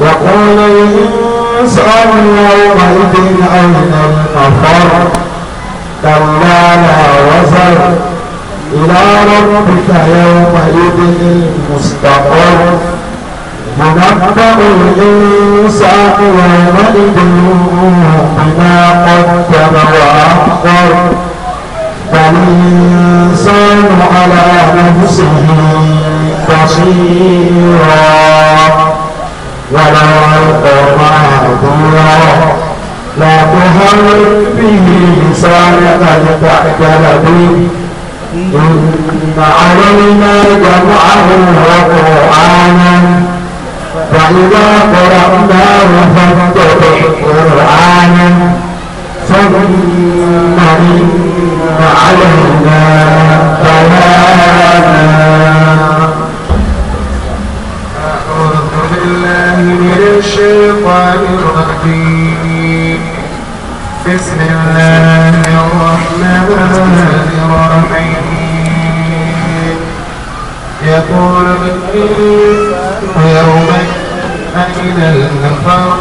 يقول الإنسان يومئذ أين المفر كلا لا وزر إلى ربك يومئذ المستقر ينبأ الإنسان يومئذ بما قدم وأخر فالإنسان على نفسه بصيرا ولو ألقى معذورا لا تهرب به لسانك لتعتل به إن علينا جمعه وقرآنا فإذا قرأناه فاتبع قرآنا ثم إن علينا بيانا الشيطان الرجيم بسم الله الرحمن الرحيم يقول يوم أين المفر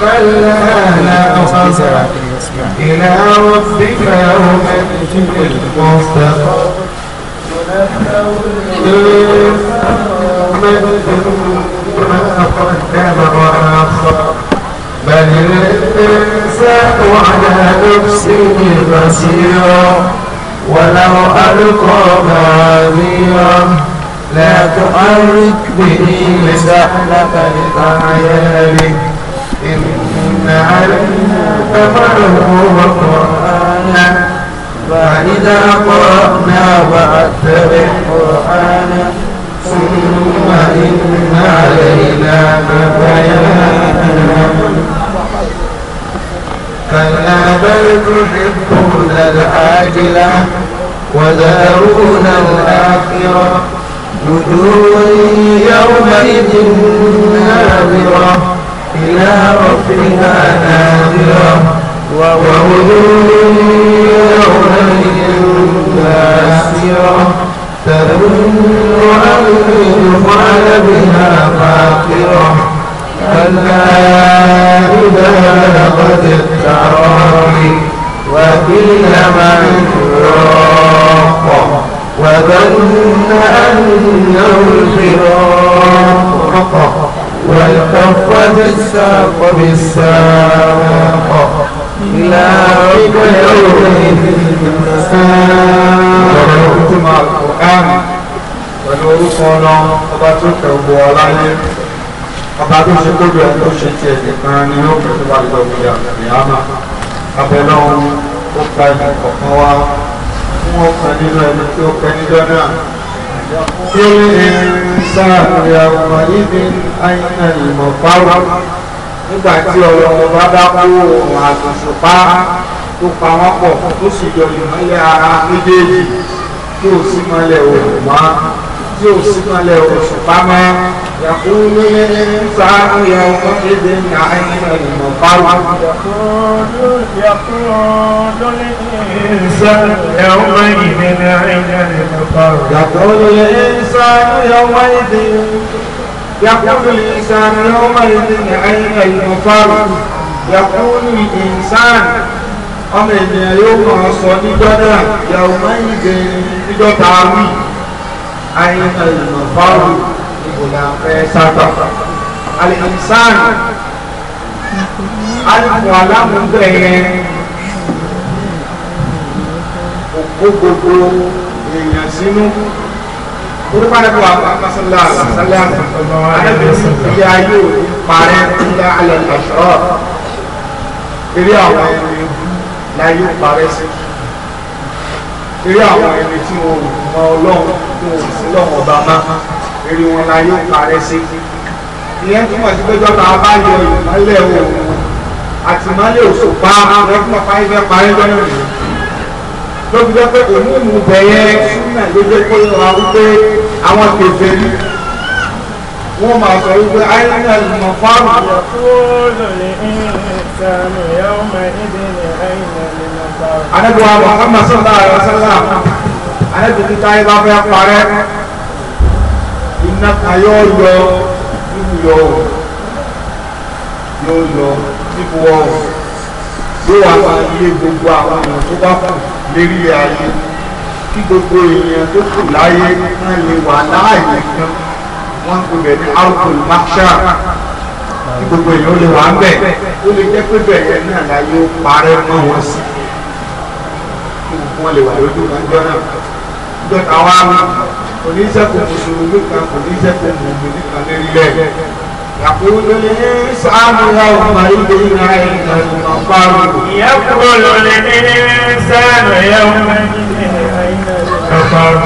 كلا لا أخذ إلى ربك يوم المستقر ينبئ ما قدم وآخر بل الإنسان على نفسه بصيرا ولو ألقى معاذيره لا تحرك به لسحلك لأعيانك إن علينا فمعه وقرآنا فإذا قرأنا فاتبع قرآنا ثم إن علينا بيانها كلا بل تحبون العاجلة وذرون الآخرة وجوه يومئذ ناظرة إلى ربها ناظرة ووجوه يومئذ باسرة تظن أن يفعل بها فاقرة كلا إذا بلغت التراقي وقيل من راق وظن أنه الفراق والتفت الساق بالساق ilà ìgbẹ́ òní ọ̀rọ̀ tó máa kọ̀ káàmì pẹ̀lú orúkọ ọlọ́run ọba tó kẹ̀ ọgbọ̀ ọláyé ọba tó ṣe kóbi ọ̀hún tó ṣe tiẹ̀ nìkan ni ó pẹ̀lú àgbẹ̀ òkè àgbẹ̀yàmà abẹ́lọ́run ó gba ìlú kọ̀ọ̀kan wá nígbà tí ọlọ́run bá bá kó ọ̀rọ̀ àtọ̀ṣùpá tó pa wọ́n pọ̀ tó sì yọ ìmọ́lẹ̀ ara méjèèjì tí ò sí mọ́lẹ̀ òòrùn mọ́ tí ò sí mọ́lẹ̀ òṣùpá mọ́ yàkúrú ní sáánú yẹ ọmọ kéde ní àyínà ìmọ̀ fáwọn. yàkúrú ní sáánú yẹ ọmọ ìdè يقول الإنسان يومئذ أين المفر يقول الإنسان ọmọ ènìyàn yóò máa sọ níjọ́ náà yàwó mẹ́yìn gẹ̀ẹ́rì níjọ́ ta wí àyìnbá ìlànà fáwọn ìbòlà fẹ́ sábà alìsàn alìfò alámúgbẹ̀yẹ òkú olùkọ́nàbí wa masala masala anabi ilé ayé ò ní parẹ́ ilé alẹ́ lọ́sọ̀rọ̀ eré àwọn ẹni láyé parẹ́ sí eré àwọn ẹni tí wọn ò mọ ọlọ́run tí wọn ò sí lọ́wọ́ ọba má ìyẹn túmọ̀ sí péjọ́ tá bá yọ ìmọ̀lẹ̀ òun àtìmọ́lẹ̀ òṣùpá rẹ́pọ̀ fáyẹ́fẹ́ parẹ́ lọ́yọ̀ nìyẹn ló fi jẹ́ pé òmùmù bẹ̀yẹ súnà ló jẹ́ pé wọ́n máa wípé àwọn kèfè ní wọ́n máa sọ wípé àìrìnà ìmọ̀ fáàmù. Ànábì wa Muhammad sallallahu alaihi wasallam Ànábì ní táyé bá fẹ́ parẹ́ iná kan yóò yọ nínú yọ yóò yọ níbo ọ̀hún yóò wá máa lé gbogbo àwọn èèyàn tó bá kù lérí ayé kí gbogbo èèyàn tó kù láyé náà lè wà láàyè kan wọ́n kò bẹ̀ ní alcohol marshal kí gbogbo èèyàn lè wà ń bẹ̀ ó lè jẹ́ pé bẹ̀rẹ̀ náà láyé ó parẹ́ mọ́ wọn sí kí gbogbo wọn lè wà lójú ọjọ́ náà gbọ́dọ̀ àwọn oníṣẹ́kùn mùsùlùmí kan oníṣẹ́kùn mùmí nìkan lérí bẹ́ẹ̀. يقول الإنسان يومئذ أين المفر يقول الإنسان يومئذ أين المفر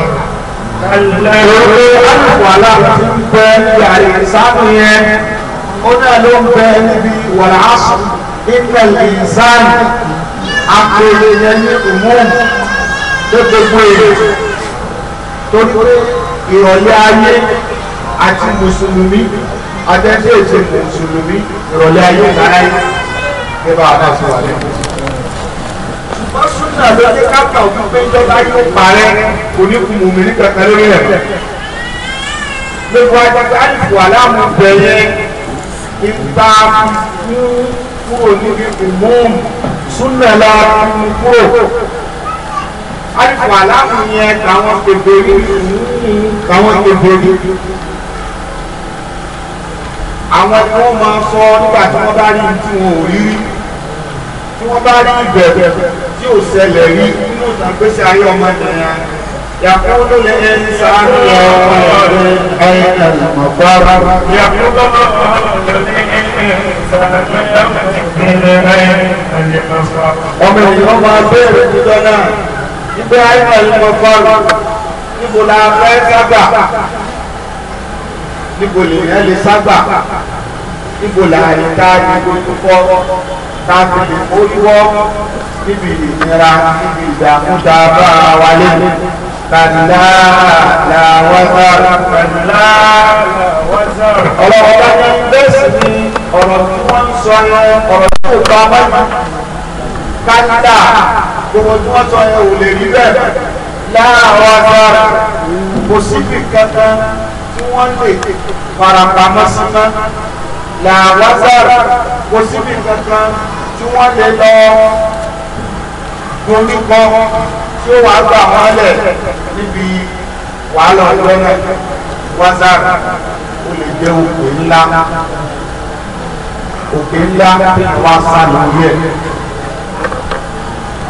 Ìwé alùpàlà ti ń bẹ yàrá ìsánú yẹn, ó náà ló ń bẹ níbi wàrà aṣọ ìpẹ̀lẹ̀ ìsánú, àpèlè yẹn ní ìmúùmù tó gbogbo èrè torí pé ìrọ̀lẹ́ ayé àti mùsùlùmí àtẹ̀sí ètò mùsùlùmí ìrọ̀lẹ́ ayé ìdáráyé nípa àbá ti wà lẹ́nu. ṣùgbọ́n súnà ló dé kápá òkú pé ìjọba yóò parẹ́ oníkun mùmìnì kankan lórí rẹ̀. gbogbo àjọpọ̀ àdìpọ̀ aláàmú bẹ̀yẹ ipa mú kúrò níbi ìmúùmù súnà la kúrò. àdìpọ̀ aláàmú yẹn káwọn kébèrè káwọn kébèrè àwọn ni wọ́n máa sọ nígbà tí wọ́n bá rí tí wọn ò rí rí tí wọ́n bá rí ìbẹ̀rẹ̀ tí ò ṣẹlẹ̀ rí nínú ìtàgbésí ayé ọmọ ènìyàn yàkúndó lè ń sáré lọ ẹyẹ ẹlẹmọ fara. yàkúndó lè ń sáré lọ ẹyẹ ẹlẹmọ fara. ọmọ ènìyàn máa béèrè nígbà náà ibẹ̀ ayé ẹlẹmọ fara níbo la fẹ́ níbo lèèyàn lè ságbà níbo làárín káàdì ojú fọ́ káàkiri ojú wọ́ níbi ìnira níbi ìdààmúta bá wa lẹ́nu kàdìlá làwọ́sà kàdìlá làwọ́sà. ọ̀rọ̀ ọba ní bẹ́ẹ̀ sì ni ọ̀rọ̀ tí wọ́n ń sọ yẹn ọ̀rọ̀ tí kò bá wáyé kádà gbogbo tí wọ́n sọ yẹn ò lè rí bẹ́ẹ̀ láàárọ̀ ọ̀rọ̀ kò síbi kankan tí wọ́n lè farapamọ́ sí mọ́ làwázàrà kò síbi kankan tí wọ́n lè lọ doríkọ tí ó wàá gbà wọ́n lẹ̀ níbi wàhálà ọjọ́ náà wázàrà ó lè jẹ́ òkè ńlá òkè ńlá tí sá lórí ẹ̀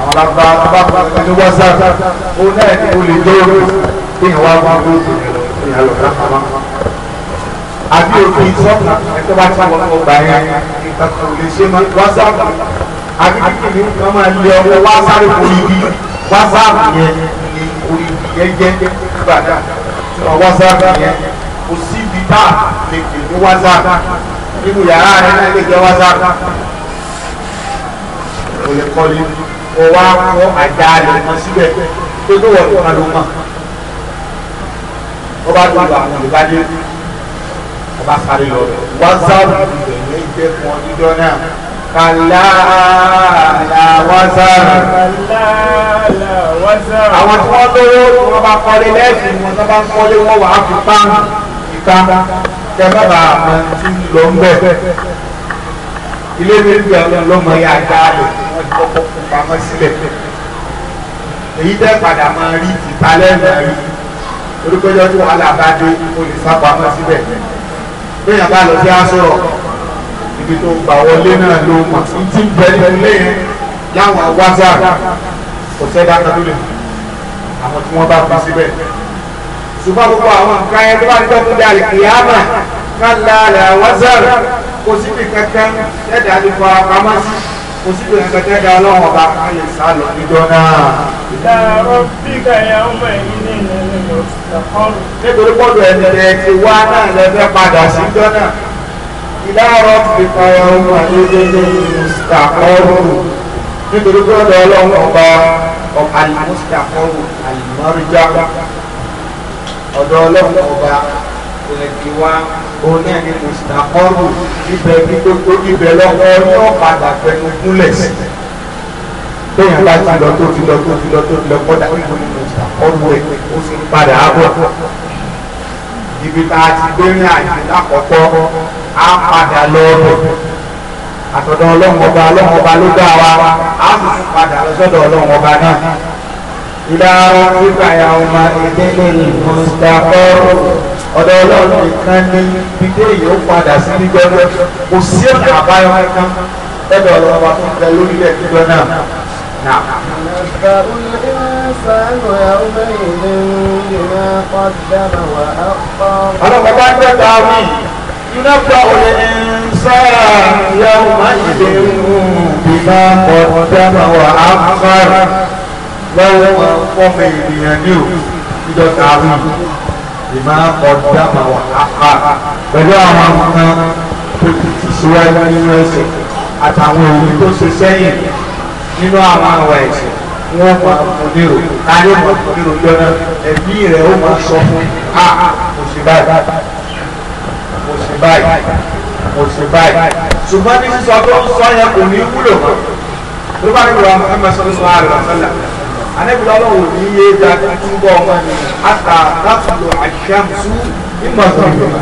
àwọn alágbá tó ní wázàrà ó náà ní olè dóòrò tí wọ́n wá gbọ́ lóòrò yẹn lọ sáfàmà àbí òfin sọ́nà ẹ̀tọ́ bá ti wọ́n ọgbà yẹn ìtàkùn lè ṣe máa wá sáfà àbí kíkì ní wọ́n máa lé ọwọ́ wá sáré kórì bí wá sáfà yẹn ni kórì bí yẹn jẹ́ gbàdá tí wọ́n wá sáfà yẹn kò sí ibi tá a lè pè ní wá nínú yàrá rẹ̀ náà lè jẹ́ wá sáfà ọwọ́ àkọ́ àjà rẹ̀ kan síbẹ̀ pé kó wọ́n tó ló mọ̀ wọ́n bá dùn àwọn yorùbá dé wọ́n bá sáré lọ rẹ̀ wásáàbù ibẹ̀ ní ìjẹ́ fún ọ níjọ́ náà kàlá àlà wásáàbù. àwọn tí wọ́n lówó wọ́n bá kọ́lé lẹ́sìn wọn tó bá ń kọ́lé wọn wà á fi pa ìta kẹfẹ́bà àwọn tí lọ ń bẹ̀. ilé mi ń bẹ̀ lọ́mọ yá dáadọ̀ wọ́n ti kọ́kọ́ fún pamọ́ sílẹ̀. èyí tẹ́ padà máa rí ìtàlẹ́ máa rí olùkọ́jọ́ tí wàhálà bá dé olùsápamọ́ síbẹ̀ bẹ́ẹ̀ bá lọ sí asọ̀rọ̀ ibi tó gbà wọlé náà ló mọ̀ ní ti bẹ nínú ilé yẹn láwọn whatsapp kò sẹ́dá kan tó lè àwọn tí wọ́n bá fi síbẹ̀ ṣùgbọ́n gbogbo àwọn nǹkan ẹ̀ tó bá dúpẹ́ fún dàrí kìyàmà kálá rẹ̀ whatsapp kò síbi kankan sẹ́dá lè fọ apamọ́ sí kò síbi kankan sẹ́dá ọlọ́run ọba kan lè sá lọ níjọ náà. ìlà rọ́bì kàyà ọmọ ẹ̀yìn nínú nítorí pọ́dọ̀ ẹ̀jẹ̀ rẹ̀ ti wá náà lẹ́fẹ́ padà sí jọ́nà ìdáàrọ̀ fi kọ́ra ohun àdéjẹ́jẹ́ ìmùsítàkọ́rù nítorí pọ́dọ̀ ọlọ́run ọba àlìmùsítàkọ́rù àlìmọ́ríjà ọ̀dọ̀ ọlọ́run ọba ònàkíwá òun náà ni mùsítàkọ́rù ibẹ̀ ní ibẹ̀ lọ́wọ́ ní téèyàn bá ti lọ tó ti lọ tó ti lọ tó ti lọ kọ́dà ọ̀rọ̀ ẹ̀ ó sì padà bọ̀ ibi tá a ti gbé ní àyè lákọ̀ọ́kọ́ á padà lọ bọ̀ àtọ̀dọ̀ ọlọ́run ọba ọlọ́run ọba ló dá wa á sì sì padà lọ sọ́dọ̀ ọlọ́run ọba náà. ìdá nígbà ya ọmọ ìdílé ní mustapha ọ̀dọ̀ ọlọ́run nìkan ní gbígbé yìí padà sí gbígbẹ́ kò sí ọ̀nà àbáyọ kankan lọ́dọ̀ ọlọ́run ọba tó ń bẹ lórílẹ̀ gbígbẹ́ náà. نعم ينبأ الإنسان يومئذ بما قدم وأخر أنا بقدر تعويل ينبأ الإنسان يومئذ بما قدم وأخر lọ́wọ́ ọmọ ènìyàn ní o ìjọ tààrí ìmá ọ̀dà màwà àpá pẹ̀lú àwọn nǹkan tó ti síwájú nínú ẹsẹ̀ àtàwọn òun tó ṣe sẹ́yìn nínú àwọn àwà ẹ̀sìn wọ́n máa fún nírò káyé máa fún nírò jọ́nà ẹ̀mí rẹ̀ ó máa sọ fún a mo ṣe báyìí mo ṣe báyìí mo ṣe báyìí ṣùgbọ́n ní sísọ tó ń sọ yẹn kò ní wúlò mọ́ ló bá nílò àwọn ọmọ ẹ̀sọ́ sọ àrùn àfẹ́là anábìlẹ̀ ọlọ́run ní iye dáadáa túbọ̀ ọmọ ni àtà láti lo àṣàmùsù ní ìjọba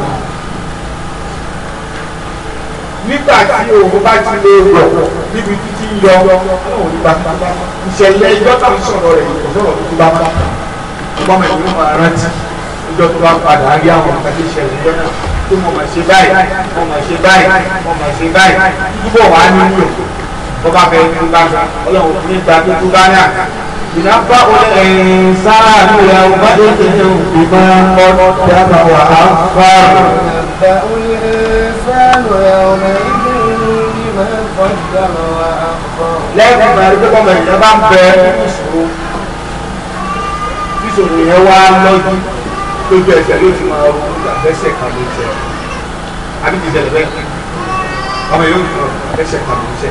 nígbà tí òun bá ti lè rọ̀ níbi títí ń yọ ọlọ́run nípa ìṣẹ̀lẹ̀ ìjọ tó ń sọ̀rọ̀ rẹ̀ ìsọ̀rọ̀ tó bá bá ọgbọ́n mi ló máa rántí ìjọ tó bá padà rí àwọn àkàtì ìṣẹ̀lẹ̀ ìjọ náà tó mọ̀ mà ṣe báyìí mọ̀ mà ṣe báyìí mọ̀ mà ṣe báyìí túbọ̀ wá nínú ọba fẹ́ ní bá ọlọ́run ní gba tó tó bá náà ìnáfà olè ẹ̀yìn sáà lóya ọba tó ti ní òkú bá ọ الإنسان يومئذ بما قدم وأخر lẹ́yìn ìgbà rí pé ọmọ ìyá ló ti máa ro àbẹ́sẹ̀ kan ló jẹ àbí ti ṣẹlẹ̀ ọmọ yóò fi àbẹ́sẹ̀ kan ló jẹ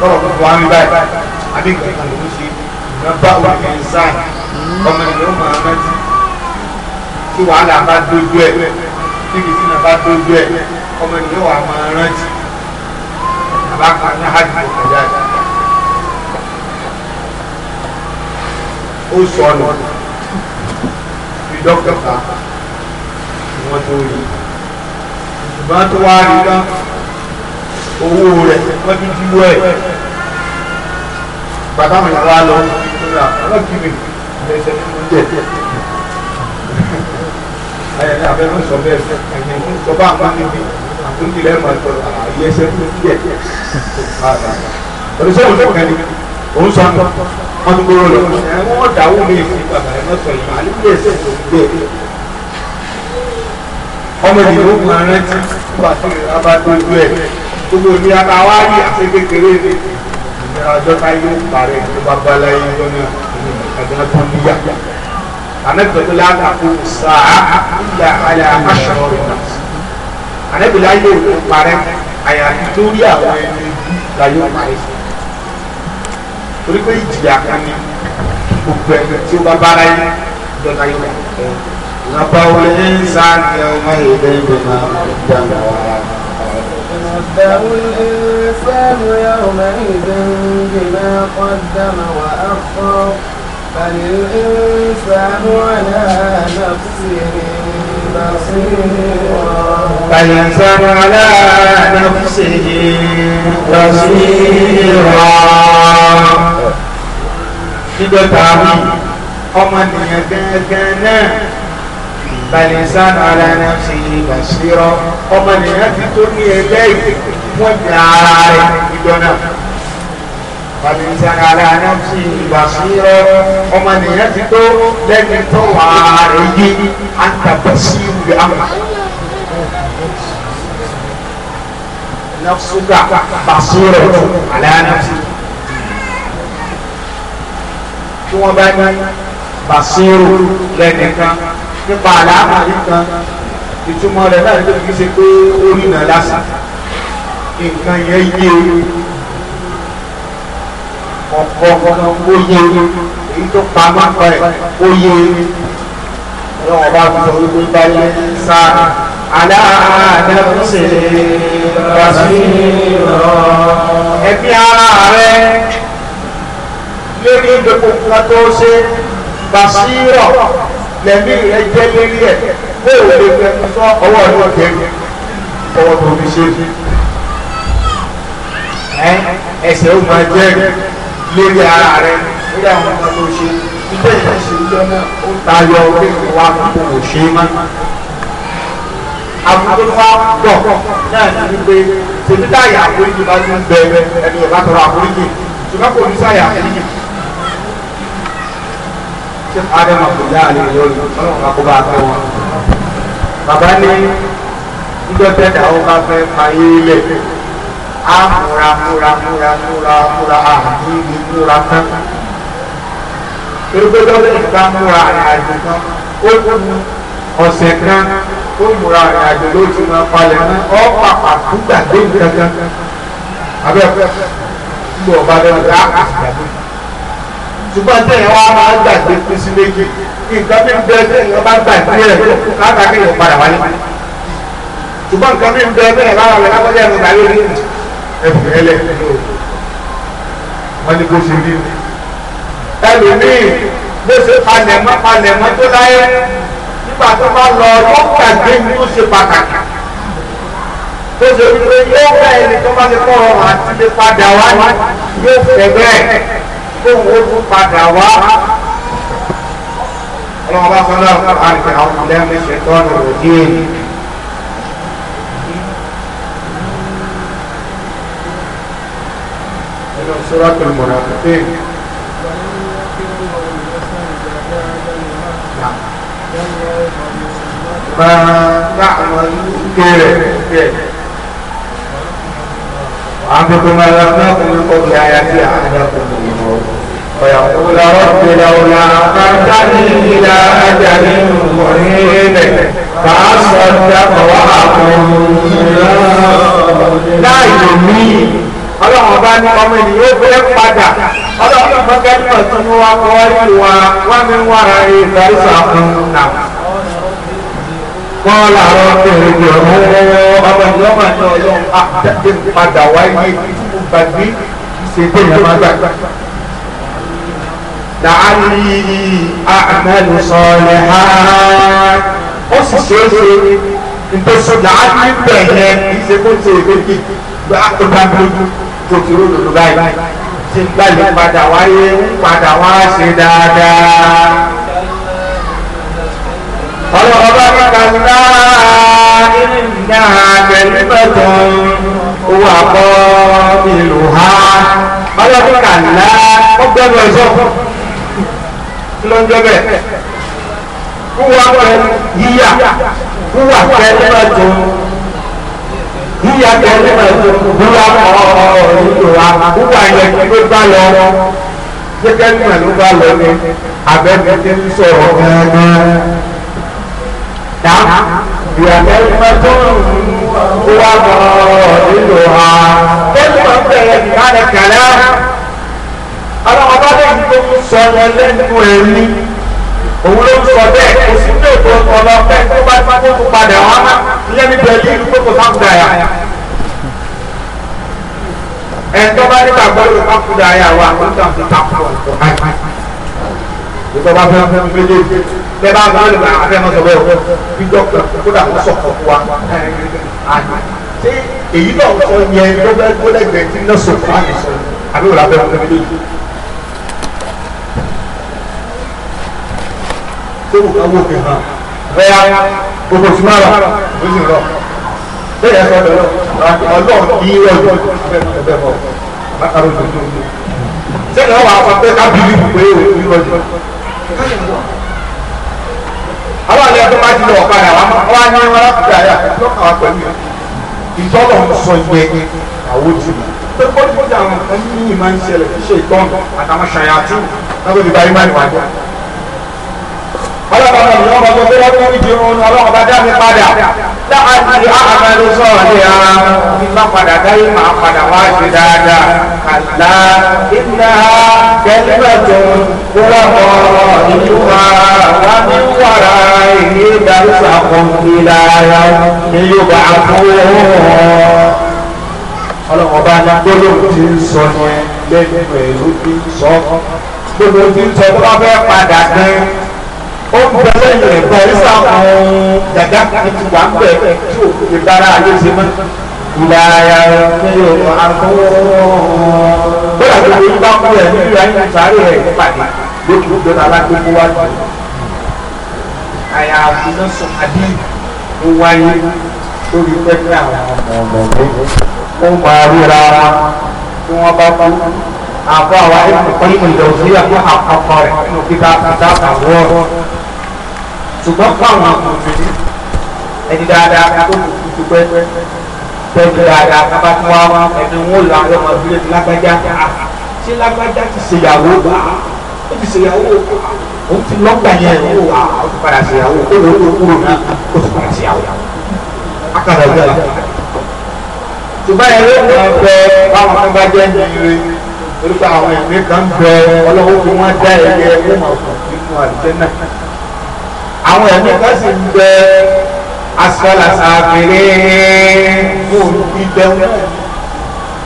kọ́rọ̀ kó wá ń báyìí àbí nǹkan kan ló ṣe ìgbà bá òun ní sáà ọmọ ìyá ó máa tí wàhálà bá dójú ẹ̀ tíbi tí nàbá tó gbé ẹ ọmọ ènìyàn wà máa rántí nàbá kan ní hajj tó kọjá yìí ó sọ ọ lọ bí dókítà ni wọn tó rí ìbọn tó wá rí tán owó rẹ wọn tún ti wọ ẹ bàtà mi wà lọ wọn kì mí lẹsẹ tó ń jẹ ayẹyẹ abẹ́rẹ́ ń sọ bẹ́ẹ̀ fẹ́ ẹ̀yìn ń sọ bá àbá níbi àtúndì rẹ̀ máa tọrọ àyè ah, ẹsẹ̀ tó díẹ̀ oníṣẹ́ òun fẹ́ ni òun sọ àná wọn ti gbóró lọ ẹ̀wọ̀n wọn dàwó mi ìfún bàbá ẹ̀ mọ́tò yìí màá níbi ẹsẹ̀ tó gbé ọmọ ìdìbò ó máa rántí wà sí abájọ́jú ẹ̀ gbogbo ní abáwá rí àti kékeré ní ìjọba yóò parẹ́ ìjọba balaye lọ́nà ìjọba tó níyà anabila látakò sàá ilà àlẹ àmàṣọrọ anabila yóò tó parẹ́ àyàfi torí àwọn ẹni la yóò parẹ́ torí pé ìjìyà kan ní gbogbo ẹni tí ó bá bára yín dọ́ta yóò parẹ́. نبأ الإنسان يومئذ بما قدم نبأ الإنسان يومئذ بما قدم وأخر فالإنسان على نفسه فالإنسان على نفسه بصيرا nígbà tààmì ọmọnìyàn gẹ́gẹ́ náà balẹ̀sán ara náà ṣe ìbàṣírọ́ ọmọnìyàn ti tó ní ẹgbẹ́ ìwọ̀n ní ara rẹ̀ nígbà náà fàlùsàkà lànà fi ìgbà sí rọ ọmọ nìyẹn ti tó lẹ́ni tó wà á rẹ̀ yé àtàbà sí ìwé àmà. nafsuka basiro ala nafsi tí wọn bá ní basiro lẹnìkan nípa àlàáfàá kan ìtumọ̀ rẹ̀ láti tó kí ṣe pé orí náà lásán nǹkan yẹn yé o ọ̀kọ̀ọ̀kan ó yé èyí tó pa mápa ẹ̀ ó yé ọlọ́wọ́n bá fi sọ wípé báyé sá aláàdẹ́kùnsè rásìlọ́ ẹbí ara rẹ lórí gbogbo tó ṣe basírọ̀ lẹ́mí rẹ jẹ́ lórí ẹ̀ bó o lè fẹ́ sọ ọwọ́ ìwọ̀n kẹrin ọwọ́ tó fi ṣe ẹsẹ̀ ó máa jẹ́ lórí ara rẹ lórí àwọn ọmọ tó ṣe iṣẹ́ ìṣẹ̀ṣẹ̀ ìjọ náà ó tayọ orí wa kó kò ṣe é má. àbúrò wa pọ̀ náà ní wípé tèmi táyà àforíjì bá tún bẹ ẹni ọ̀la tọrọ àforíjì ṣùgbọ́n kò ní sáyà àforíjì. ṣé adama kò yá àlè lórí ọlọ́run àkóbá àtọ́ wọn. bàbá ní ìjọ tẹ́tà ó bá fẹ́ fayé lẹ̀ á múra múra múra múra múra àti ibi múra tán gbogbo lẹ́yìn bá múra àjò kan ó kú ní ọ̀sẹ̀ kan ó múra àjò ló ti máa palẹ̀ mọ́ ọ́ pàpà kúgbà dé nǹkan kan abẹ́ gbọ́ ọba lẹ́nu dá àgbàdo ṣùgbọ́n tẹ̀yìn wa máa gbàgbé pín sí méjì nǹkan bí bẹ́ẹ̀ tẹ̀yìn wa bá gbàgbé ẹ̀ látàkì ìpadà wáyé ṣùgbọ́n nǹkan bí bẹ́ẹ̀ tẹ̀yìn wa rẹ̀ lábọ́jà ẹ̀rọ ìgbàlódé ẹ̀fẹ̀ ẹlẹ̀ wọ́n ní bó ṣe rí ni ẹlòmíì bó ṣe palẹ̀mọ́ palẹ̀mọ́ tó láyé nígbà tó bá lọ yóò gbàgbé ní tó ṣe pàtàkì tó ṣe wípé yóò fẹ́ ẹni tó bá ti kọ́ àti lè padà wá yóò fẹ́ bẹ́ẹ̀ kó wọ́n tún padà wá. ọlọ́run bá sọ àwọn ọ̀dẹ́ mi ṣètò ọ̀nà òjì èyí. سورة المنافقين ما ألقاكم من قبل آياتي أحدكم فيقول ويقول رب لولا أخرتني إلى أجل قريب فأصدق وأكون لا يؤمن ọlọ́run ọba ní ọmọ ènìyàn ó fẹ́ padà ọlọ́run fẹ́kẹ́ náà tún wá kọ́ ìwà wọ́n mi wà ìgbàlùsà fún nà. kọ́ làwọn kẹrẹ jọ ọmọ ìyá ọmọ ìyá ọlọ́run àtẹ̀tẹ̀ ah, padà wáyé gbàgbé ṣètò ìyàmá gbàgbé. làálì àmẹ́lù sọ̀rọ̀ ha ó sì ṣeé ṣe nítorí làálì bẹ̀rẹ̀ ìṣekúnṣe ìgbẹ́gbẹ́ gbàgbé tó ti ró dodo báyìí tí gbà lè padà wáyé padà wá ṣe dáadáa. ọlọ́run bá ní kàńtà ìrìnà àgbẹ̀lẹ́bẹ̀tàn owó àkọ́ ìlú ha ọlọ́run kàńtà ó gbọ́dọ̀ ẹ̀sọ́ lọ́jọ́ bẹ́ẹ̀ wúwa pẹ̀lú yíyà wúwa pẹ̀lú ẹ̀tọ́ níyà tẹ̀lé wúwa ọ̀rọ̀ ìṣòwà wúwa yẹn ló bá lọ gẹ́gẹ́ níwà ló bá lọ ní abẹ́bí tí ń sọ̀rọ̀ gángan. Dá ìyàtẹ̀ mẹ́tọ́ wúwa ọ̀rọ̀ ìṣòwà. Bẹ́ẹ̀ni wọ́n bẹ̀rẹ̀ ìbára kàlá. Ọlọ́mọba tó sọ wọn lẹ́nu ẹ̀mí òun ló ń sọ bẹ́ẹ̀ kò sí pé kò ọ̀nà fẹ́ tó bá tó tó padà wọn á ìyẹn ní bẹ̀rẹ̀ yìí tó kò sáfùdà yà ẹ̀ńtọ́ bá nígbà gbọ́dọ̀ sáfùdà yà wà ó ń tàn sí sáfùdà ọ̀pọ̀ báyìí ìjọba fẹ́ fẹ́ fún méjèèjì bẹ́ẹ̀ bá gbọ́dọ̀ nígbà afẹ́ náà sọ bẹ́ẹ̀ gbígbọ́ kódà kó sọ̀kọ̀ fún wa ṣé èyí náà sọ yẹn tó bẹ́ẹ̀ gbọ́dọ̀ gbẹ̀ẹ́ tí náà sọ̀kọ̀ àbí wò tó kù ká wò fi hàn bẹ́ẹ̀ gbogbo tí máa rà ló sì rọ bẹ́ẹ̀ yẹn sọ bẹ́ẹ̀ ọlọ́run kì í rọ ju ẹgbẹ́ bọ̀ látàrí òjòjò sẹ́yìn náà wà á pẹ́ ká bíbí pé ó kì í rọ ju àwọn àlẹ́ ọdún máa ti lọ ọ̀pá rẹ̀ wá ní wọn láti àyà lọ́kàn wa pẹ̀lú ìtọ́lọ̀ ń sọ ìwé àwọn ojú mi pé bọ́dí bọ́dí àwọn nǹkan ní ìmọ̀ ń ṣẹlẹ̀ kí ṣe ìtọ́ àtàwọn ṣàyà tí wọ́n fi bá ìmọ̀ ìwádìí sábà náà yọ ọmọ gbogbo ẹkún ìdí oorun ọlọ́run bá dá mi padà láàbí àmàlú sọ̀rọ̀ ní ara mi má padà dáyé máa padà wá ṣe dáadáa àlá iná kẹlẹ́gbẹ̀tọ̀ wúrà ọ̀rọ̀ ìlú wa wá ní wàrà èyí dárúsà fún mi lára fẹ́ padà gan-an ó bẹ lẹ́yìn rẹ̀ pẹ̀lú sàkún dàda ti wà pẹ̀ tó ìbára àlè ṣe mọ́. ìlàyà mi ò máa kọ́ bóyá tó lè bá kú ẹ̀ nínú ayé sáré rẹ̀ pàdé lókè òjò náà láti kó wá lọ. àyàfi náà sọ àbí ń wáyé lórí pẹ́pẹ́ àwọn ọmọ mi. ó máa ríra wọn wọ́n bá kú àbọ̀ àwọn ẹ̀kọ́ ìmọ̀ ìdọ̀tí àbọ̀ àkọ́kọ́ rẹ̀ nínú kíkà kíkà àwọn ṣùgbọ́n fún àwọn àkùnfìrí ẹni dáadáa tó kù dúpẹ́ pẹ̀lú dáadáa kábà tí wọ́n wá ẹni wọ́n lọ àwọn ọmọ ìbílẹ̀ lágbájá ṣé lágbájá ti ṣèyàwó bá ó ti ṣèyàwó ó ti lọ́gbà yẹn ó wà ó ti padà ṣèyàwó o lọ ó kúrò náà ó ti padà ṣèyàwó akara ìyá la ṣùgbọ́n ẹ̀rọ ìwọ̀n bẹ báwọn kan bá jẹ́ ìrere orúkọ àwọn ẹ̀mí kan bẹ ọlọ́wọ́ fún wọn dá ẹ̀yẹ ẹ̀mí ọ̀sán nínú àdìjẹ́ náà àwọn ẹ̀mí kan sì ń bẹ asálàsàkèrè yóò fi bẹ wọn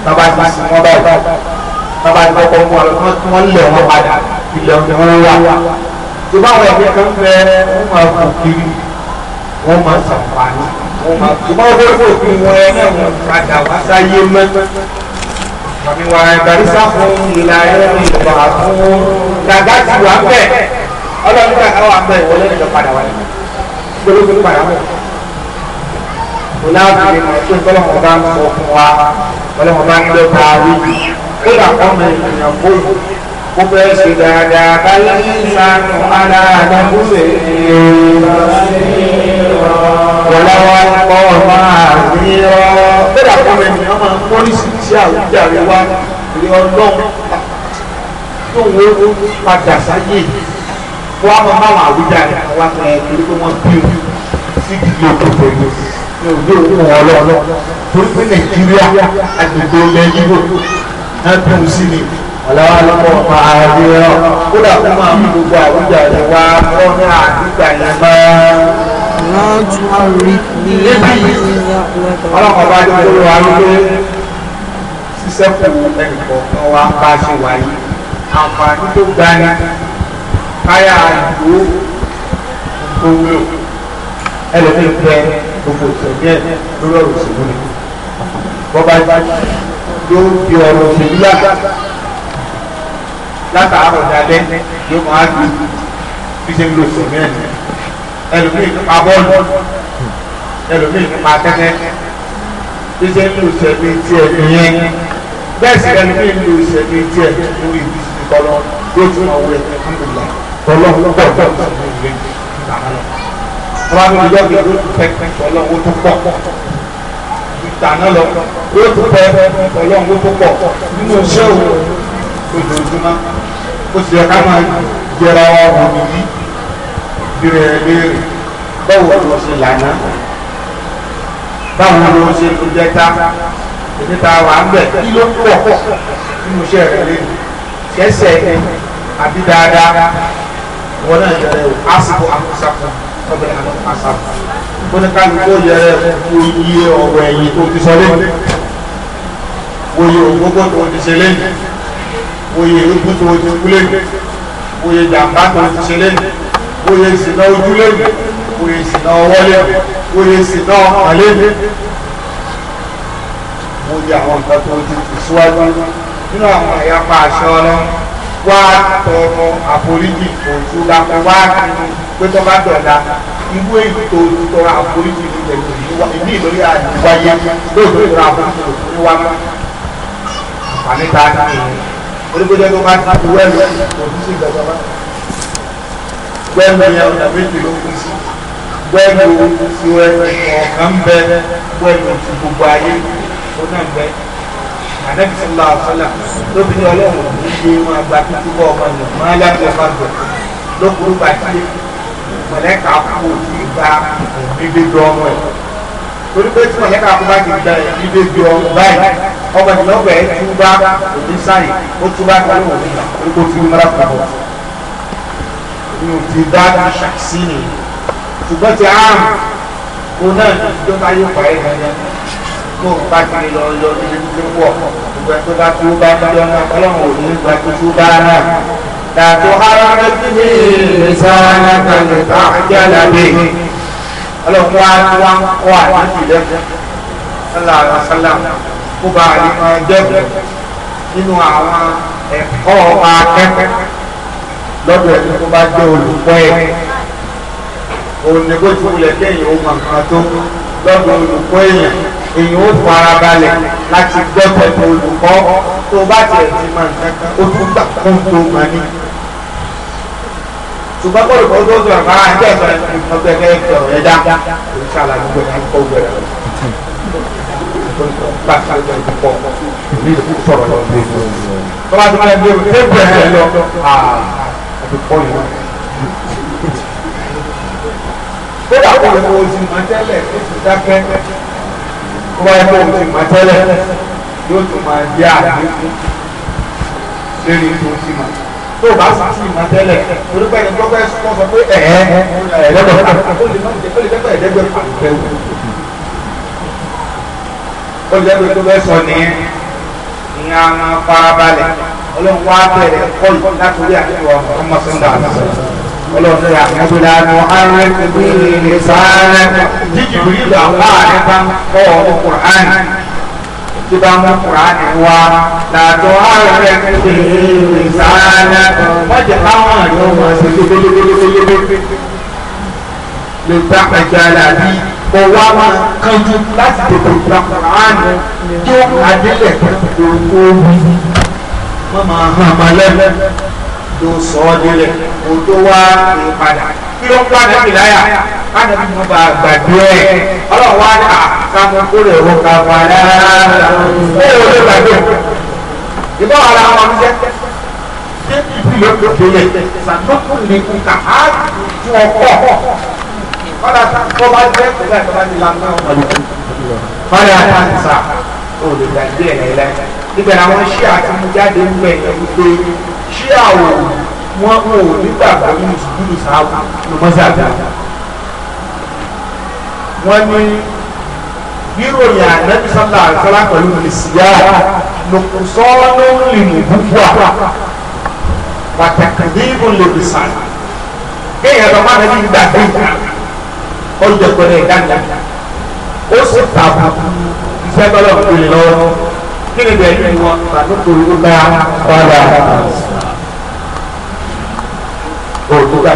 bàbá ti sìn wọn báyìí bàbá ti kọ́kọ́ mú ọ kí wọ́n lẹ̀ wọ́n padà ilẹ̀ ọ̀dẹ̀ wọn wà tí báwọn ẹ̀mí kan bẹ wọ́n máa kù kiri wọ́n máa sàǹfààní wọ́n máa tí báwọn bẹ́ẹ̀ kò kiri wọn ẹ̀ náà padà wá sáyé mẹ́. Àmì wàrà ìbàrísà fún ìlà ẹ̀rọ ìbà fún dàgá wà bẹ́ẹ̀ ọlọ́run gbà káwọn àgbà ìwọlé nìkan padà wáyé gbólógbó padà wáyé oláàbìrì mọ̀ tó gbọ́dọ̀ bá ń sọ fún wa gbọ́dọ̀ bá ń lọ bá wí ó dà kọ́ mi ìyàn bóyú ó fẹ́ ṣe dáadáa báyé sanu ara àdàkúnṣe wọláwá kọ́ máa rí ọ. ó dà kọ́ mi máa ń pọ́lísì sí àwùjáre wa rí ọlọ́run tó ń wo padà sáyé yìí kó àwọn máwọn àwíjàre àwọn àtúnyẹ torí pé wọ́n bí o sí kìlọ̀ tó pẹ̀lú ní òde òkú wọn lọ́lọ́ torí pé nàìjíríà àgbègbè ilẹ̀ yíyó náà bí o sí ni ọ̀làwà lọ́pọ̀ pa ààrẹ rẹ̀ kódà kó máa mú gbogbo àwíjàre wá fọ́ ní àdìgbà yẹn bá. ọlọ́run ọba ti lórí wa wípé ṣíṣẹ́ fún ẹnì kọ̀ọ̀kan wa bá ṣe wáyé àǹfààní tó gbani táyà ìlú gbogbo ẹlòmíì pẹ gbogbo ìṣẹ̀lẹ̀ lórí ọ̀rọ̀ òṣèlú ni bọ́bá yóò di ọ̀rọ̀ òṣèlú yàgbà látàárọ̀ dalẹ́ yóò máa di fíṣẹ́ ló sì mẹ́rin ẹlòmíì nípa bọ́ọ̀lù ẹlòmíì nípa tẹ́tẹ́ fíṣẹ́ ló sẹ́mi tiẹ̀ nìyẹn bẹ́ẹ̀ sì ẹlòmíì ló sẹ́mi tiẹ̀ lórí ìbísí ìkọlọ́ yóò tún ọ̀wọ́ ẹ̀ tọ́lọ́ pọ̀ tó wọ́n á lọ bí yóò pẹ́ tọ́lọ́ owó tó pọ̀ ìtàná lọ yóò tó pẹ́ tọ́lọ́ owó tó pọ̀ nínú iṣẹ́ òun ojoojúmọ́ ó sì yẹ ká máa jẹra wa òbí yìí bẹ̀rẹ̀ léèrè báwo ni wọ́n ṣe lànà báwo ni wọ́n ṣe ló jẹ́ ta èmi ta wà ń bẹ̀ kí ló pọ̀ nínú iṣẹ́ rẹ̀ léèrè kẹsẹ̀ àbí dáadáa wọn náà yẹrẹ o asipo akusako ọbẹ akusako wọn ká ló tó yẹrẹ o iye ọwọ́ ẹ̀yìn tó ti sọlé oye ògbógbó tó ti ṣẹlẹ̀ oye irúgbó tó ti kúlé oye jàmbá tó ti ṣẹlẹ̀ oye ìsìnà ojúlé oye ìsìnà ọwọ́lé oye ìsìnà ọ̀lẹ́ oye àwọn nǹkan tó ti tù nínú àwọn àyàpá àṣọ ọlọ́run wá tọrọ àforíjì òtún lápò wá nínú pé tó bá dọ̀la irú ètò tọrọ àforíjì ní pẹ̀lú ìní ìlórí àdìwáyé lóòótọ́ ìtọrọ àforíjì òtún ní wá mọ́ àmì ta ní ìlú olùgbèjọ tó bá ti fi wẹ́ẹ̀lú òtún sí ìgbàjọba wẹ́ẹ̀lú yẹn ọ̀dà méjì ló kún sí wẹ́ẹ̀lú ti wẹ́ẹ̀lú ọ̀kan bẹ wẹ́ẹ̀lú ti gbogbo ayé ó náà bẹ àdẹ́bísí lọ́wọ́ sọ́là lóbi ní ọlọ́run ṣe wọn gba títí bọ́ ọmọ yẹn máa lábẹ́ ọmọ gbẹ lókùnrin gba tí mọ̀lẹ́ka kú ti gba bíbí dọ́ ọmọ ẹ̀ torí pé tí mọ̀lẹ́ka kú bá ti gba bíbí dọ́ ọmọ báyìí ọmọ ìlọ́gbẹ̀ ẹ̀ tún bá òní sáyìn ó tún bá gbà lóhùn nígbà ó kó tún mọ́ra kà bọ̀ ní o ti bá ṣàkísí nìyí ṣùgbọ́n ti àrùn kó náà ìjọba yóò pa ẹ̀ gẹ́gẹ́ tó ń bá kiri lọ lọ níbi tó wọ̀ gbogbo ẹ̀ tó bá tó bá níbi ọmọ ọlọ́run ò ní gba tó tó bá náà. Dàtò ara rẹ̀ ti ní ìsáná kanú bá jẹ́ lábẹ́. Ọlọ́run wá tí wọ́n ń kọ́ àdéhùn ìdẹ́kùn. Sálà àlàsálà kó bá a ní ọjọ́ nínú àwọn ẹ̀kọ́ ọba akẹ́kọ̀ọ́ lọ́dọ̀ ẹni tó bá jẹ́ olùkọ́ ẹ̀. Òun ti wulẹ̀ kéèyàn ó mọ̀ lọ́dọ̀ olùkọ́ èèyàn èèyàn ó fara balẹ̀ láti gbẹ́pẹ̀tẹ̀ olùkọ́ tó bá tiẹ̀ ti máa nǹkan kan ó tún gbà fún tó máa ní. ṣùgbọ́n pọ̀lú kan tó sọ̀rọ̀ ah, máa ń jẹ́sọ̀ ọgbẹ́ kẹ́kẹ́ ọ̀rẹ́ dá òun ṣàlàyé gbogbo ẹ̀ kọ́ gbẹ̀rẹ̀ tọ́ba tí wọ́n lè bí o tẹ́bù ó dà kó lóko o ti mọ tẹ́lẹ̀ ó ti dákẹ́ ó bá yẹ kó o ti mọ tẹ́lẹ̀ yóò tún máa yá àdínkù lórí tó o ti mọ tó o bá sì ti mọ tẹ́lẹ̀ olùkọ́ ẹni tó fẹ́ sọ sọ pé ẹ̀ ẹ́ ẹ̀ẹ́dẹ́gbẹ̀ta ó lè má jẹ́ ó lè dẹ́gbẹ̀ ẹ̀ẹ́dẹ́gbẹ̀ta pẹ̀lú ó lè dẹ́gbẹ̀ tó fẹ́ sọ nìyẹn ìyá máa farabalẹ̀ ọlọ́run wá bẹ̀rẹ̀ kọ́ ìkọ́ látòrí àdéhùn ọmọ sọ́ńdà àti sọ́ńdà ọlọ́run yà ẹ̀bùdà nù ààrẹ ìwé ìsáàrẹ jíjì rí àwọn ààrẹ bá ń kọ́ ọkùnrin tí bá mú kùránì wá làtọ̀ ààrẹ ìwé ìsáàrẹ wájà káwọn àjọ wọn ṣe lébélébélébélébé lè bá ẹja làbí kọ wá máa kánjú láti tètè gba kùránì tó adélẹ̀ pẹ̀lú owó wọn máa hàn máa lẹ́nu ló sọ ọ́ délẹ̀ kó tó wá ìpadà kí ló pa níbi láyà káàdà bí mo bá gbàgbé ẹ̀ ọlọ́run wá ní àkàmọ́ kó lè wọ́n ká fa láàárọ̀ ó yẹ wọlé gbàgbé ìbá wa la wọn jẹ ṣé ìdílé kò délẹ̀ sàdókùn ní kúkà á tún ọkọ̀ kọ́dà tó bá jẹ́ ìpínlẹ̀ tó bá di lánàá ọ̀dọ̀ fáyà àtàǹsà olùdàgbé ẹ̀ lẹ́lẹ́ níbẹ̀ làwọn ṣí àtúnjáde ń bẹ̀ ẹ̀ wípé ṣí àwò wọn ò nígbàgbọ́ nínú sùkúlù sáàbù ló mọ́ sáàbù wọ́n ní níròyìn ànábì sọ́lá àtàlá pẹ̀lú mẹ̀lẹ́sìyá lòkùsọ́ọ́nù lìmù búbúà pàtàkì ìbò lòdì sàn kéèyàn lọ́mọ ànábì ń gbàgbé ìgbà ó jẹ pẹ̀lú ìdáńdá ó sì tàbùkù iṣẹ́ tọ́lọ̀ ń pèlè lọ́wọ́ kí ni bẹ̀rẹ̀ ìwọ̀n tàbí kò rí ó bá wà lára gbà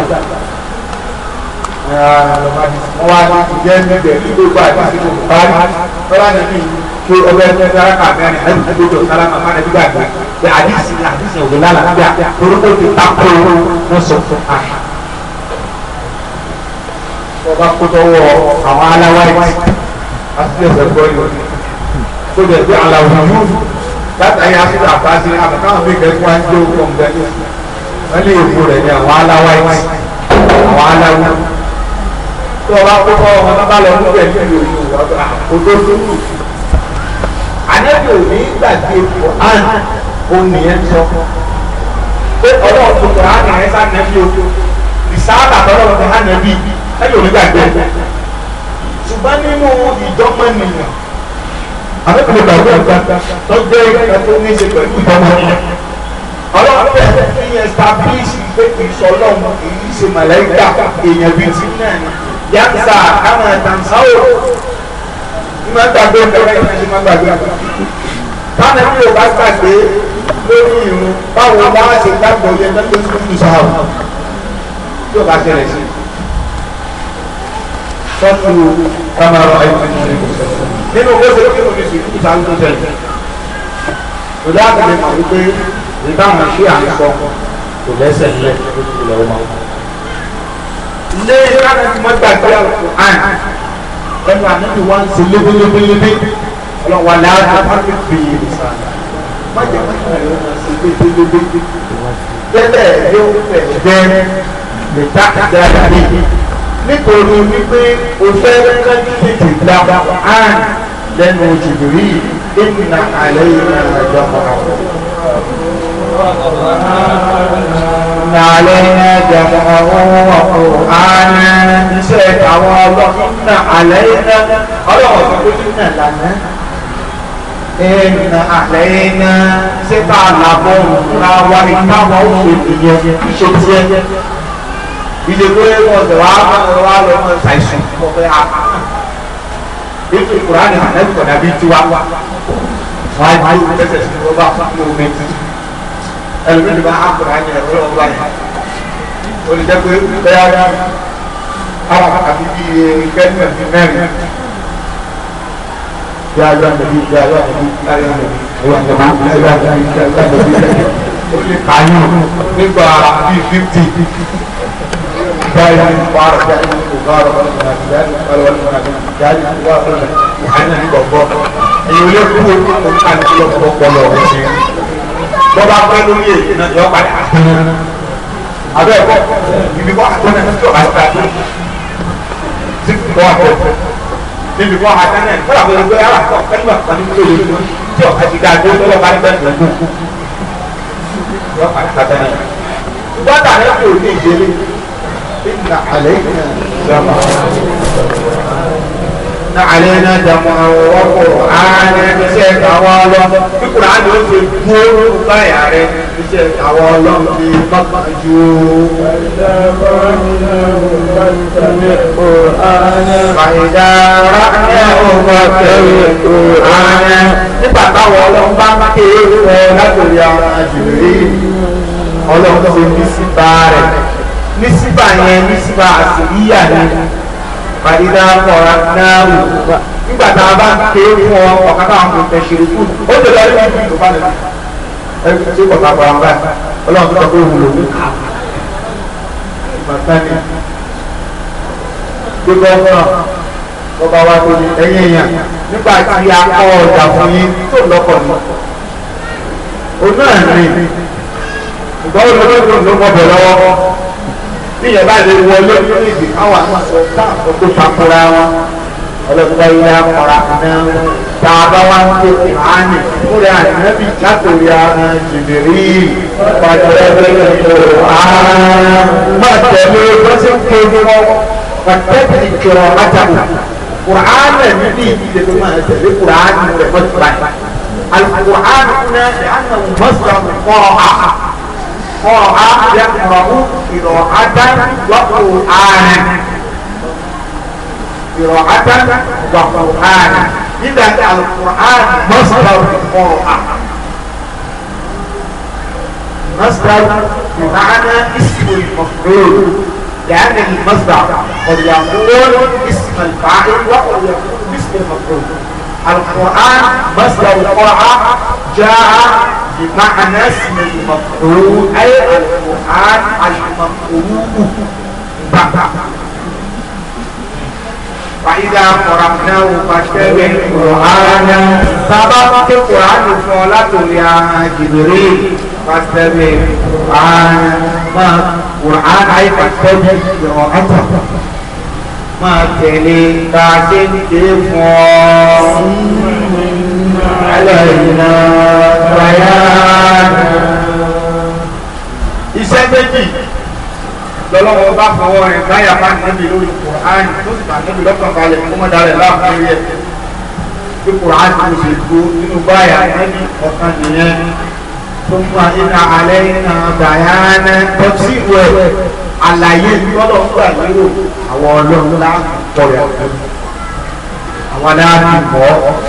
wọ́n wá ní ìjẹ́ níbẹ̀ nígbò gbà àti ìgbò parí tọ́lá nínú ṣe ọbẹ̀ ẹgbẹ́ sáráka mẹ́rin láti fi gbójọ sáráka mẹ́rin nígbà gbà pé àdìsí àdìsí òwe lálàáfíà torókò ti tako wọn sọ fún a. ọba kótọ́wọ́ àwọn aláwáyé àti ẹ̀sẹ̀ gbọ́ yìí kó jẹ́ pé aláwọ̀ yóò látàrí àti àbáṣe àbákáwọn bí kẹ́kọ̀ọ́ wọ́n lè èpo rẹ̀ ní àwọn aláwáìtì àwọn aláwú tó o kó kọ́ ọmọ náà bá lọ ní ìgbẹ́ níbi òyìnbó ọ̀dọ́ àkótó dúró àdébí òní gbàgbé Quran onìyẹn sọ pé ọlọ́run tó Quran yẹn sá nẹ́bí o ìsáàlà tọ́lọ́run tó hàn nẹ́bí ẹ̀yẹ òní gbàgbé ṣùgbọ́n nínú ìjọ́mọ̀nìyàn àbẹ́kùnrin gbàgbé ọ̀gá tó jẹ́ ìgbà ọlọ́run fẹ́ fi establish pé kì í sọlọ́run kì í ṣe màláíkà èèyàn bíi ti yàtà àwọn àtàǹsáwò ní máa ń gbàgbé ìdáwọ́ yìí ní máa ń gbàgbé táwọn ẹbí ò bá gbàgbé lórí irun báwo bá wá ṣe gbàgbọ́ yẹn tó ń tún sáwò tí ò bá ṣẹlẹ̀ sí sọ́tù kamaru ayélujára nínú owó ṣe kí ló ní sùúrù sáà ń tó tẹ̀lé. àgbẹ̀ mọ̀ wípé ní táwọn ṣí à ń sọ kò lẹ́sẹ̀ nílẹ̀ tó ti lẹ̀ ọmọ. ilé ìlànà tí wọ́n gbàgbé àlùkùránì ẹnu ànábì wa ń ṣe lébélébélébé ọlọ́wà láàbù pàtó bìyì ìsàlẹ̀ má jẹ́ kí ẹ̀rọ máa ṣe lébélébélébé bẹ́ẹ̀ yóò fẹ̀ bẹ́ẹ̀ lè dá dáadáa nítorí wípé o fẹ́ kájú tètè إن علينا جمعه وقرآنا نسيت على الله إن علينا الله إن لنا إن علينا سيت على بومنا وإنما وصولية شتية ìdè kúrẹ́ wọn sọ wàá wà lọ wọn ṣàìsùn mọ pé a ètò ìkùránì ànábìkọ̀dà bíi tiwa wọn á yí ẹsẹ̀ sí wọn bá fún mi omi tuntun ẹlòmíì ló bá àkùrọ̀ àyìn ẹ̀rọ lọ́wọ́ báyìí ó lè jẹ́ pé bẹ́ẹ̀ ara àbí bí kẹ́lìmọ̀ bí mẹ́rin yá yá nàbí yá yá nàbí yá yá nàbí ó lè kàyàn nígbà bíi fifty دائما مبارك دائما مبارك دائما مبارك دائما مبارك دائما مبارك أيوة يقول أن يقول الله bọ́ba pẹ́ lórí èyí náà yọ padà abẹ́ ẹ̀kọ́ ibi kọ́ àtẹ́nẹ̀ tí ọba ti gbàgbé tí kò wà pẹ́ níbi kọ́ àtẹ́nẹ̀ kọ́lá kò gbé yàrá kọ́ ẹgbẹ́ pàdé kúló yìí tí ọba ti gbàgbé tí ọba ti gbàgbé yọ padà àtẹ́nẹ̀ wọ́n dà ní ọ̀pẹ̀ òní ìdílé ìgbà àlẹ́ ìgbà àlẹ́nà dàmú àwọn ọkọ̀ ààrẹ iṣẹ́ àwọn ọlọ́ kíkùrà àdó ṣe dúró báyà rẹ iṣẹ́ àwọn ọlọ́ ti bàbá ju. Fàyídà rákẹ́ ọmọ tẹ̀lé ààrẹ. Nígbà táwọn ọlọ́run bá ké ẹ látòrí ara jùlọ ọlọ́run ti ní síbá rẹ̀. Ní síbá yẹn ní síbá àṣírí yà ni fàdídà kọ̀ọ̀rọ̀ náà wù nígbà tá a bá ń ké fún ọ ọ̀kan náà kò tẹ̀ ṣe kú ó ti gbogbo ọba wa tó ẹ̀yìn èèyàn nígbà tí a kọ́ ọjà fún yín tó lọ́kọ̀ ní òun náà ní ìgbà wo ló ló ló mọ̀ bẹ̀ lọ́wọ́ níyẹn bá lè wọlé nínú ìgbì káwọn àwọn sọ táàpọ̀ tó takora wọn ọlọ́gbà ilé akọ̀ra náà tá a bá wá ń ké kùránì kúrẹ́ ànábì látòrí ara jìbìrì pàtàkì ẹgbẹ́ ìṣòro ààrùn má tẹ̀lé bó ti ń ké ní wọn pàtàkì ìṣòro àtàkù kùránì níbi ìdílé tó máa tẹ̀lé kùránì rẹ̀ mọ́tò alùpùpù ààrùn náà lè ànà òun mọ́sàn-án kọ́ قرأ يقرأ قراءة وقرآنا قراءة وقرآنا إذا القرآن مصدر القرآن مصدر بمعنى اسم المفعول لأن المصدر قد يقول اسم الفاعل وقد يقول اسم المفعول القرآن مصدر القرآن جاء بمعنى اسم المفعول أي القرآن المفعول فإذا قرأناه فاتبع القرآن سبق القرآن فولا يا جبريل فاتبع القرآن ما القرآن أي فاتبع قراءته ما تلي بعد الدفاع علينا بيانا iṣẹ́ méjì lọ́lọ́wọ́ bá fọwọ́ rẹ̀ báyà bá níbi lórí kùrán tó sì bá níbi lọ́kàn balẹ̀ kó mọ́ dalẹ̀ láàfin rí ẹ̀ bí kùrán ti ṣe gbó nínú báyà níbi ọ̀kan nìyẹn tó ń fa iná alẹ́ iná bàyánà pepsi wẹ̀ àlàyé lọ́lọ́ gbà lérò àwọn ọlọ́run láàbù kọ̀ọ̀yà àwọn aláàbù kọ̀ọ̀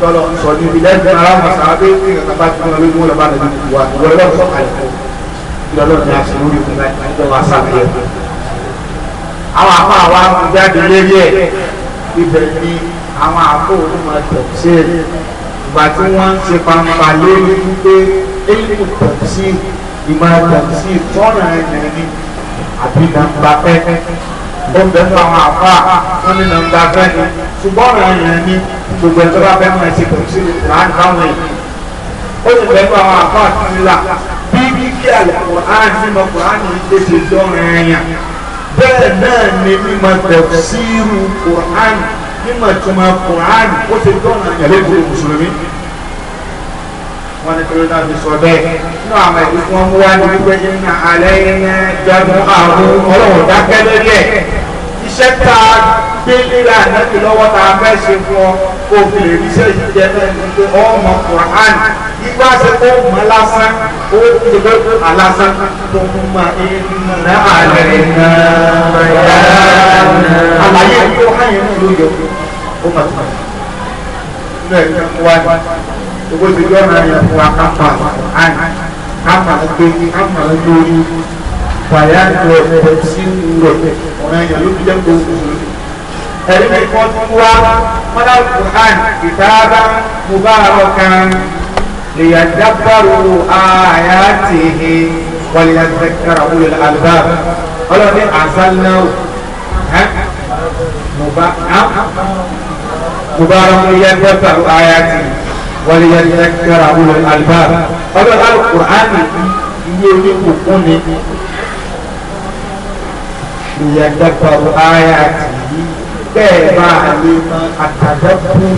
tọ́lọ sọ ní ibi lẹ́gbẹ̀ẹ́ ara wọn sàábé ní ìrẹ̀kàbá tí wọ́n lè mú lọ́ba lè wà ìwọlé lọ́wọ́ sọ àyè lọ́lọ́ ní àṣẹ lórí fún ẹgbẹ́ wa sàbẹ̀yẹ. àwọn afọ àwa ń jáde lérí ẹ̀ ibẹ̀ ni àwọn afọ onímọ̀ tẹ̀sí ẹ̀ ìgbà tí wọ́n ń ṣe pampa lérí wípé èyí tẹ̀sí ìmọ̀ tẹ̀sí tọ́nà ẹ̀ nàní àbí nàmbapẹ́ ó ń bẹ̀rù àwọn àfa wọn ní nàmbà fẹ́ni ṣùgbọ́n ọ̀rọ̀ yẹn ni gbogbo ẹ̀ tó bá fẹ́ mọ̀ ẹ̀sìn pẹ̀lú sí ìkùrán káwọn yìí ó sì bẹ̀rù àwọn àfa àti ìlà bí kíkí àlẹ́kùn án nínú ọkùnrin yìí lè ṣe dọ́rin ẹ̀yàn bẹ́ẹ̀ náà ni mímọ bẹ̀rù sí kùrán mímọ ìtumọ̀ kùrán ó ṣe dọ́rin ẹ̀yàn lẹ́kùn mùsùlùmí wọ́n ní pẹ̀lú náà ti sọ bẹ́ẹ̀ nínú àwọn ìlú tí wọ́n mú wá ní wípé nínú alẹ́ iná jagun àrùn ọlọ́run dákẹ́ lórí ẹ̀ iṣẹ́ tá a gbé léra ànábì lọ́wọ́ tá a fẹ́ ṣe fún ọ kó o fi lè rí iṣẹ́ yìí jẹ náà ní pé ọmọ Quran igbá ṣe kó mọ lásán ó ti lè kó alásán tó mú ma iná alẹ́ iná àlàyé tó hàn yẹn ló yọ ó mà tó mà nínú owó ti gbọ́ máa yẹ fún wa kápá àn kápá gbé kápá lórí fàyà lọ pẹ̀ sí lọ ọ̀rọ̀ ẹ̀yàn ló fi jẹ́ kó kú ẹ̀rí mi kan tún wá mọ́lá kùhán ìtaábá mubarakan liyadabbaru ayatihi waliyadhakkara ulul albab ọlọ́ni àzálnáwó mubarakan liyadabbaru ayatihi. وليذكر أولو الألباب ọlọ́run alukur'an iye oníkù fún ni ìyàgbẹ́gbẹ̀rún ayé àti bẹ́ẹ̀ máa lè àtàdẹ́kù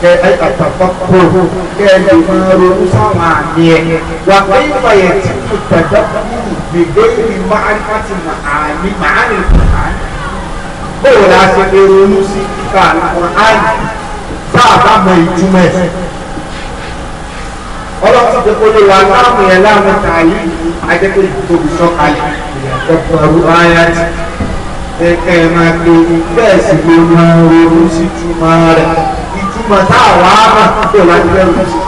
kẹ́ àtàfọ́kù kẹ́ lè máa ronú sáwọn àmì ẹ̀ wà pé ìfàyẹ̀ tí kò tàdẹ́kù gbègbè ní máàlìfàtì màálì màálì kùrán bóòlù àti èrò onú sí kíkà àlùkùrán sáà ọlọ́run ti kó lè wà láàmú yẹn láàmú ta yìí ajẹ́pẹ́ tóbi sọ́kalẹ̀ ìyàtọ̀kọ̀rù ayáti ẹ̀kẹ́ máa lo bẹ́ẹ̀ sì ló máa ronú sí túmọ̀ rẹ̀ ìtumọ̀ táwa mà tó láti bẹ́ẹ̀ lọ sí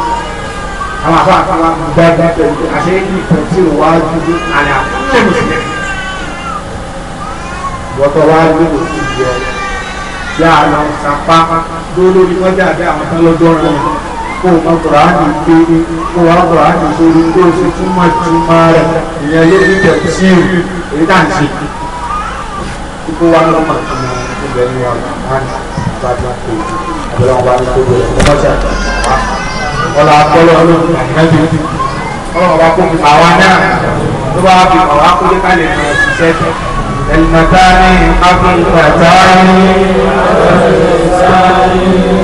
àwọn afọ àkàlà gbàgbà pẹ̀lú àṣẹ ìlú ìtọ́jú ìwájú àlẹ́ àkúnyẹ̀ mùsùlùmí wọ́tọ̀ wá lóko sí ìjọ yáà sapá lórí wọ́n jáde àwọn tán lọ́dọ́rùn-ún kó o mọ kùránì pé kó o wá kùránì sórí kó o sì túmọ̀ túmọ̀ rẹ̀ ìyẹn ló ní tẹ̀kú sí ìrù èyí tá à ń ṣe. kíkó wa ló mọ̀ tó mọ̀ tó bẹ̀ ní wọn náà ní abájọ kò ju abẹ́rẹ́ wọn bá ní kókó rẹ̀ lọ́wọ́ sí ọ̀la akọ́lọ́ ló ń gbà níbi ọlọ́wọ́ bá kó mi pa náà ló bá fi pa kó